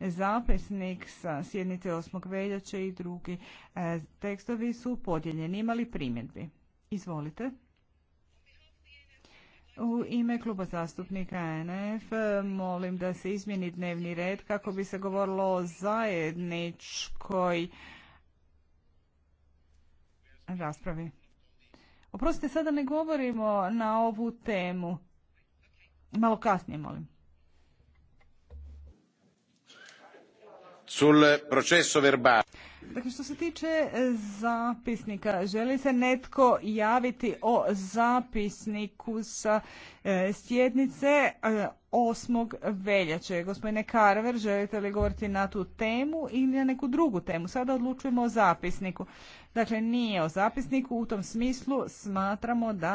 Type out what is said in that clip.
Zapisnik sa sjednice 8. veljače i drugi e, tekstovi su podijeljeni. Imali primjedbi? Izvolite. U ime kluba zastupnika NF molim da se izmijeni dnevni red kako bi se govorilo o zajedničkoj raspravi. Oprostite, sada ne govorimo na ovu temu. Malo kasnije, molim. Dakle, što se tiče e, zapisnika, želi se netko javiti o zapisniku sa e, sjednice 8. E, veljače. Gospodine Karver, želite li govoriti na tu temu ili na neku drugu temu? Sada odlučujemo o zapisniku. Dakle, nije o zapisniku, u tom smislu smatramo da